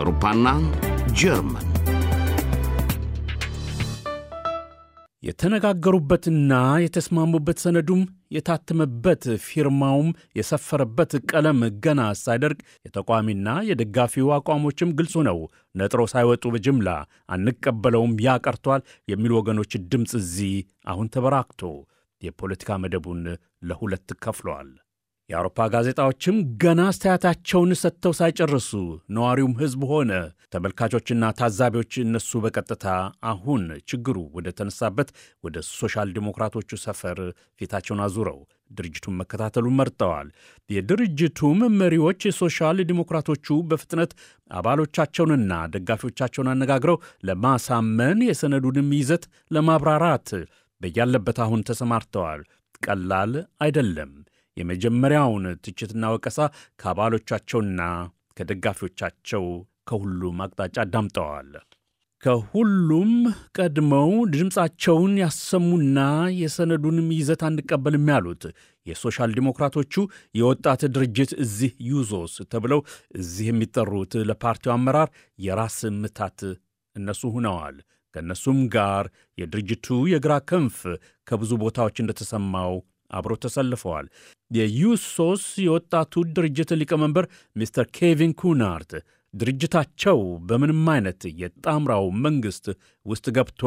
አውሮፓና ጀርመን የተነጋገሩበትና የተስማሙበት ሰነዱም የታተመበት ፊርማውም የሰፈረበት ቀለም ገና ሳይደርግ የተቋሚና የደጋፊው አቋሞችም ግልጹ ነው። ነጥሮ ሳይወጡ በጅምላ አንቀበለውም፣ ያቀርቷል የሚሉ ወገኖች ድምፅ እዚህ አሁን ተበራክቶ የፖለቲካ መደቡን ለሁለት ከፍሏል። የአውሮፓ ጋዜጣዎችም ገና አስተያየታቸውን ሰጥተው ሳይጨርሱ ነዋሪውም ሕዝብ ሆነ ተመልካቾችና ታዛቢዎች እነሱ በቀጥታ አሁን ችግሩ ወደ ተነሳበት ወደ ሶሻል ዲሞክራቶቹ ሰፈር ፊታቸውን አዙረው ድርጅቱን መከታተሉን መርጠዋል። የድርጅቱም መሪዎች ሶሻል ዲሞክራቶቹ በፍጥነት አባሎቻቸውንና ደጋፊዎቻቸውን አነጋግረው ለማሳመን የሰነዱንም ይዘት ለማብራራት በያለበት አሁን ተሰማርተዋል። ቀላል አይደለም። የመጀመሪያውን ትችትና ወቀሳ ከአባሎቻቸውና ከደጋፊዎቻቸው ከሁሉም አቅጣጫ ዳምጠዋል። ከሁሉም ቀድመው ድምፃቸውን ያሰሙና የሰነዱንም ይዘት አንቀበልም ያሉት የሶሻል ዲሞክራቶቹ የወጣት ድርጅት እዚህ ዩዞስ ተብለው እዚህ የሚጠሩት ለፓርቲው አመራር የራስ ምታት እነሱ ሆነዋል። ከእነሱም ጋር የድርጅቱ የግራ ክንፍ ከብዙ ቦታዎች እንደተሰማው አብሮ ተሰልፈዋል። የዩሶስ የወጣቱ ድርጅት ሊቀመንበር ሚስተር ኬቪን ኩናርት ድርጅታቸው በምንም አይነት የጣምራው መንግሥት ውስጥ ገብቶ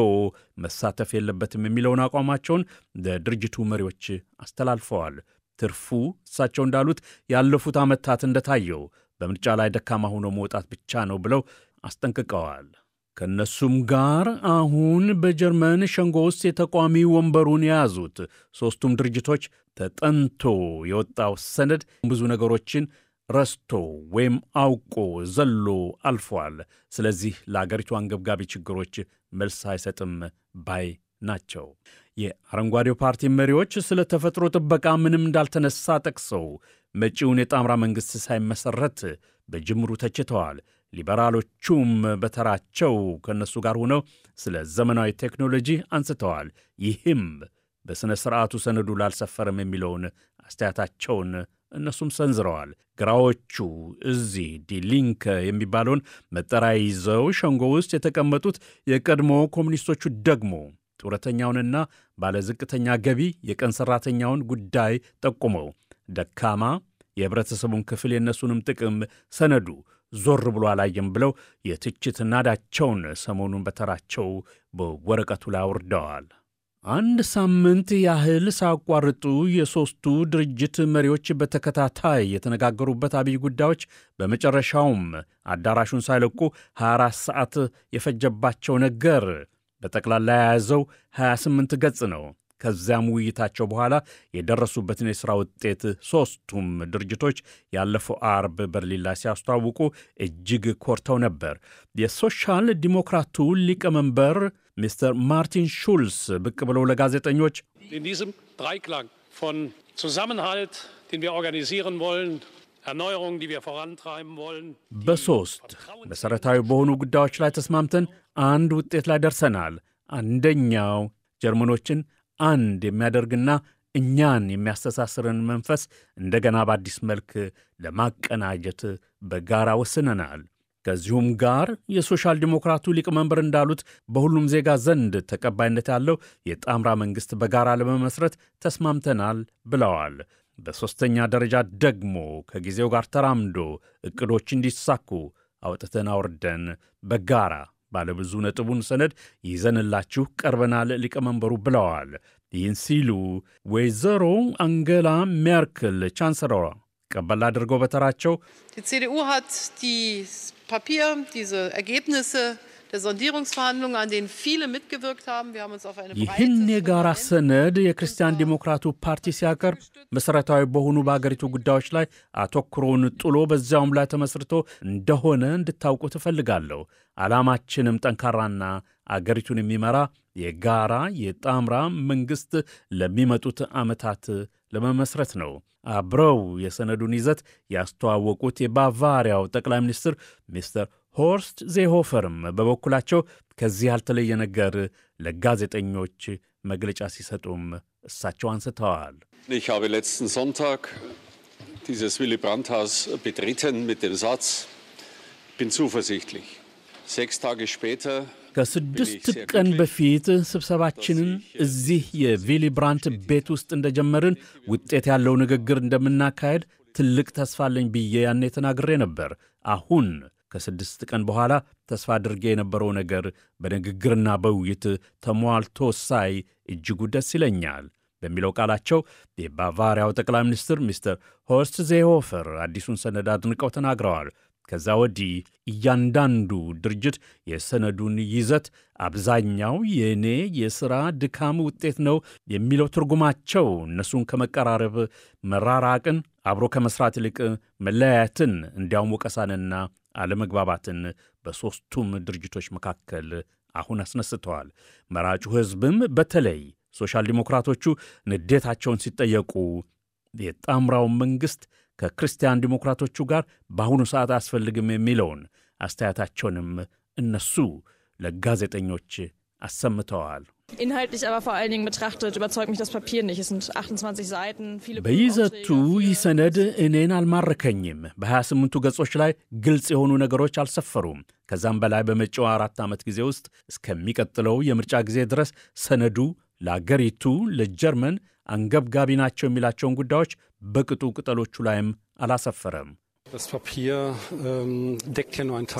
መሳተፍ የለበትም የሚለውን አቋማቸውን ለድርጅቱ መሪዎች አስተላልፈዋል። ትርፉ እሳቸው እንዳሉት ያለፉት ዓመታት እንደታየው በምርጫ ላይ ደካማ ሆኖ መውጣት ብቻ ነው ብለው አስጠንቅቀዋል። ከእነሱም ጋር አሁን በጀርመን ሸንጎ ውስጥ የተቋሚ ወንበሩን የያዙት ሦስቱም ድርጅቶች ተጠንቶ የወጣው ሰነድ ብዙ ነገሮችን ረስቶ ወይም አውቆ ዘሎ አልፏል። ስለዚህ ለአገሪቱ አንገብጋቢ ችግሮች መልስ አይሰጥም ባይ ናቸው። የአረንጓዴው ፓርቲ መሪዎች ስለ ተፈጥሮ ጥበቃ ምንም እንዳልተነሳ ጠቅሰው መጪውን የጣምራ መንግሥት ሳይመሠረት በጅምሩ ተችተዋል። ሊበራሎቹም በተራቸው ከእነሱ ጋር ሆነው ስለ ዘመናዊ ቴክኖሎጂ አንስተዋል። ይህም በሥነ ሥርዓቱ ሰነዱ ላልሰፈርም የሚለውን አስተያየታቸውን እነሱም ሰንዝረዋል። ግራዎቹ እዚህ ዲሊንክ የሚባለውን መጠሪያ ይዘው ሸንጎ ውስጥ የተቀመጡት፣ የቀድሞ ኮሚኒስቶቹ ደግሞ ጡረተኛውንና ባለዝቅተኛ ገቢ የቀን ሠራተኛውን ጉዳይ ጠቁመው ደካማ የህብረተሰቡን ክፍል የእነሱንም ጥቅም ሰነዱ ዞር ብሎ አላየም ብለው የትችት ናዳቸውን ሰሞኑን በተራቸው በወረቀቱ ላይ አውርደዋል። አንድ ሳምንት ያህል ሳቋርጡ የሦስቱ ድርጅት መሪዎች በተከታታይ የተነጋገሩበት አብይ ጉዳዮች በመጨረሻውም አዳራሹን ሳይለቁ 24 ሰዓት የፈጀባቸው ነገር በጠቅላላ የያዘው 28 ገጽ ነው። ከዚያም ውይይታቸው በኋላ የደረሱበትን የሥራ ውጤት ሦስቱም ድርጅቶች ያለፈው አርብ በርሊን ላይ ሲያስተዋውቁ እጅግ ኮርተው ነበር። የሶሻል ዲሞክራቱ ሊቀመንበር ሚስተር ማርቲን ሹልስ ብቅ ብለው ለጋዜጠኞች በሦስት መሠረታዊ በሆኑ ጉዳዮች ላይ ተስማምተን አንድ ውጤት ላይ ደርሰናል። አንደኛው ጀርመኖችን አንድ የሚያደርግና እኛን የሚያስተሳስረን መንፈስ እንደገና በአዲስ መልክ ለማቀናጀት በጋራ ወስነናል። ከዚሁም ጋር የሶሻል ዲሞክራቱ ሊቀመንበር እንዳሉት በሁሉም ዜጋ ዘንድ ተቀባይነት ያለው የጣምራ መንግሥት በጋራ ለመመስረት ተስማምተናል ብለዋል። በሦስተኛ ደረጃ ደግሞ ከጊዜው ጋር ተራምዶ ዕቅዶች እንዲሳኩ አውጥተን አውርደን በጋራ ባለብዙ ነጥቡን ሰነድ ይዘንላችሁ ቀርበናል ሊቀመንበሩ ብለዋል። ይህን ሲሉ ወይዘሮ አንገላ ሜርክል ቻንሰለሯ ቀበል አድርገው በተራቸው ሲዲኡ ሃት ፓፒር ዲዘ ኤርጌብኒሰ der Sondierungsverhandlungen, an denen viele mitgewirkt haben. Wir haben uns auf eine ይህን የጋራ ሰነድ የክርስቲያን ዲሞክራቱ ፓርቲ ሲያቀርብ መሰረታዊ በሆኑ በሀገሪቱ ጉዳዮች ላይ አተኩሮውን ጥሎ በዚያውም ላይ ተመስርቶ እንደሆነ እንድታውቁ ትፈልጋለሁ። ዓላማችንም ጠንካራና አገሪቱን የሚመራ የጋራ የጣምራ መንግሥት ለሚመጡት ዓመታት ለመመስረት ነው። አብረው የሰነዱን ይዘት ያስተዋወቁት የባቫሪያው ጠቅላይ ሚኒስትር ሚስተር ሆርስት ዜሆፈርም በበኩላቸው ከዚህ ያልተለየ ነገር ለጋዜጠኞች መግለጫ ሲሰጡም እሳቸው አንስተዋል። Ich habe letzten Sonntag dieses Willy Brandt Haus betreten mit dem Satz, bin zuversichtlich. Sechs Tage später ከስድስት ቀን በፊት ስብሰባችንን äh, እዚህ የቪሊ ብራንት ቤት ውስጥ እንደጀመርን ውጤት ያለው ንግግር እንደምናካሄድ ትልቅ ተስፋለኝ ብዬ ያኔ ተናግሬ ነበር። አሁን ከስድስት ቀን በኋላ ተስፋ አድርጌ የነበረው ነገር በንግግርና በውይይት ተሟልቶ ሳይ እጅጉ ደስ ይለኛል በሚለው ቃላቸው የባቫሪያው ጠቅላይ ሚኒስትር ሚስተር ሆርስት ዜሆፈር አዲሱን ሰነድ አድንቀው ተናግረዋል። ከዛ ወዲህ እያንዳንዱ ድርጅት የሰነዱን ይዘት አብዛኛው የእኔ የሥራ ድካም ውጤት ነው የሚለው ትርጉማቸው እነሱን ከመቀራረብ መራራቅን፣ አብሮ ከመስራት ይልቅ መለያየትን፣ እንዲያውም ወቀሳንና አለመግባባትን በሦስቱም ድርጅቶች መካከል አሁን አስነስተዋል። መራጩ ሕዝብም በተለይ ሶሻል ዲሞክራቶቹ ንዴታቸውን ሲጠየቁ የጣምራውን መንግሥት ከክርስቲያን ዲሞክራቶቹ ጋር በአሁኑ ሰዓት አያስፈልግም የሚለውን አስተያየታቸውንም እነሱ ለጋዜጠኞች አሰምተዋል። በይዘቱ ይህ ሰነድ እኔን አልማረከኝም። በ28ቱ ገጾች ላይ ግልጽ የሆኑ ነገሮች አልሰፈሩም። ከዛም በላይ በመጪው አራት ዓመት ጊዜ ውስጥ እስከሚቀጥለው የምርጫ ጊዜ ድረስ ሰነዱ ለአገሪቱ ለጀርመን አንገብጋቢ ናቸው የሚላቸውን ጉዳዮች በቅጡ ቅጠሎቹ ላይም አላሰፈረም። Ähm,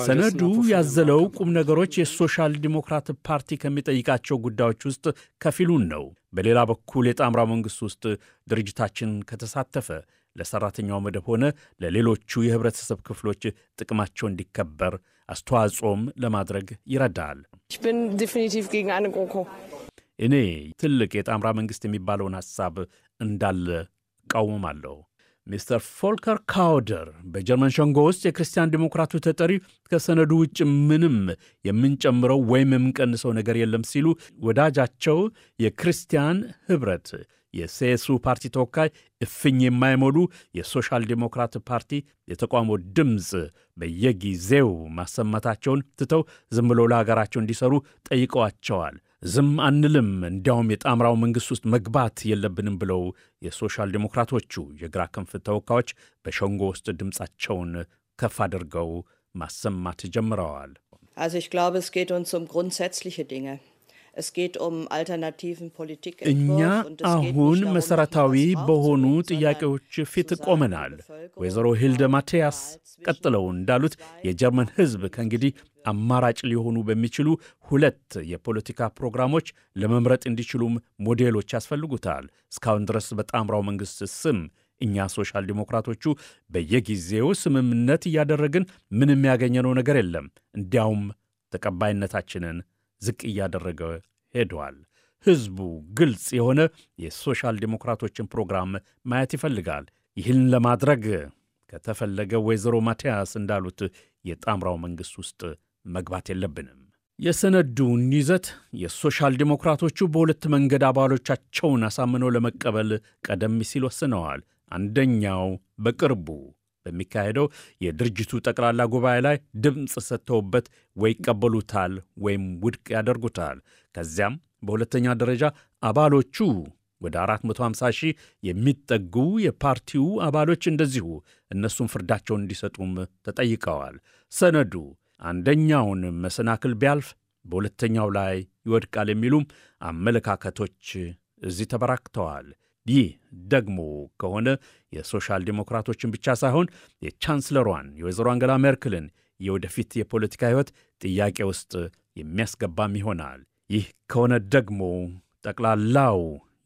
ሰነዱ ያዘለው ቁም ነገሮች የሶሻል ዲሞክራት ፓርቲ ከሚጠይቃቸው ጉዳዮች ውስጥ ከፊሉን ነው። በሌላ በኩል የጣምራ መንግሥት ውስጥ ድርጅታችን ከተሳተፈ ለሠራተኛው መደብ ሆነ ለሌሎቹ የህብረተሰብ ክፍሎች ጥቅማቸው እንዲከበር አስተዋጽኦም ለማድረግ ይረዳል። እኔ ትልቅ የጣምራ መንግሥት የሚባለውን ሐሳብ እንዳለ እቃወማለሁ። ሚስተር ፎልከር ካውደር በጀርመን ሸንጎ ውስጥ የክርስቲያን ዲሞክራቱ ተጠሪ ከሰነዱ ውጭ ምንም የምንጨምረው ወይም የምንቀንሰው ነገር የለም ሲሉ ወዳጃቸው የክርስቲያን ኅብረት የሴሱ ፓርቲ ተወካይ እፍኝ የማይሞሉ የሶሻል ዴሞክራት ፓርቲ የተቋሞ ድምፅ በየጊዜው ማሰማታቸውን ትተው ዝም ብለው ለሀገራቸው እንዲሰሩ ጠይቀዋቸዋል። ዝም አንልም፣ እንዲያውም የጣምራው መንግሥት ውስጥ መግባት የለብንም ብለው የሶሻል ዴሞክራቶቹ የግራ ክንፍ ተወካዮች በሸንጎ ውስጥ ድምፃቸውን ከፍ አድርገው ማሰማት ጀምረዋል። Also ich glaube, es geht uns um grundsätzliche Dinge. Um እኛ አሁን መሰረታዊ በሆኑ ጥያቄዎች ፊት ቆመናል። ወይዘሮ ሂልደ ማቴያስ ቀጥለው እንዳሉት የጀርመን ሕዝብ ከእንግዲህ አማራጭ ሊሆኑ በሚችሉ ሁለት የፖለቲካ ፕሮግራሞች ለመምረጥ እንዲችሉም ሞዴሎች ያስፈልጉታል። እስካሁን ድረስ በጣምራው መንግሥት ስም እኛ ሶሻል ዲሞክራቶቹ በየጊዜው ስምምነት እያደረግን ምንም ያገኘነው ነገር የለም። እንዲያውም ተቀባይነታችንን ዝቅ እያደረገ ሄደዋል። ሕዝቡ ግልጽ የሆነ የሶሻል ዴሞክራቶችን ፕሮግራም ማየት ይፈልጋል። ይህን ለማድረግ ከተፈለገ ወይዘሮ ማቲያስ እንዳሉት የጣምራው መንግሥት ውስጥ መግባት የለብንም። የሰነዱን ይዘት የሶሻል ዴሞክራቶቹ በሁለት መንገድ አባሎቻቸውን አሳምነው ለመቀበል ቀደም ሲል ወስነዋል። አንደኛው በቅርቡ በሚካሄደው የድርጅቱ ጠቅላላ ጉባኤ ላይ ድምፅ ሰጥተውበት ወይ ይቀበሉታል ወይም ውድቅ ያደርጉታል። ከዚያም በሁለተኛ ደረጃ አባሎቹ ወደ 450 ሺህ የሚጠጉ የፓርቲው አባሎች እንደዚሁ እነሱም ፍርዳቸውን እንዲሰጡም ተጠይቀዋል። ሰነዱ አንደኛውን መሰናክል ቢያልፍ በሁለተኛው ላይ ይወድቃል የሚሉም አመለካከቶች እዚህ ተበራክተዋል። ይህ ደግሞ ከሆነ የሶሻል ዲሞክራቶችን ብቻ ሳይሆን የቻንስለሯን የወይዘሮ አንገላ ሜርክልን የወደፊት የፖለቲካ ሕይወት ጥያቄ ውስጥ የሚያስገባም ይሆናል። ይህ ከሆነ ደግሞ ጠቅላላው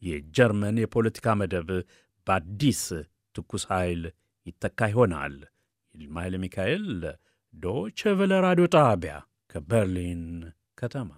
የጀርመን የፖለቲካ መደብ በአዲስ ትኩስ ኃይል ይተካ ይሆናል። ይልማ ኃይለ ሚካኤል ዶቼ ቬለ ራዲዮ ጣቢያ ከበርሊን ከተማ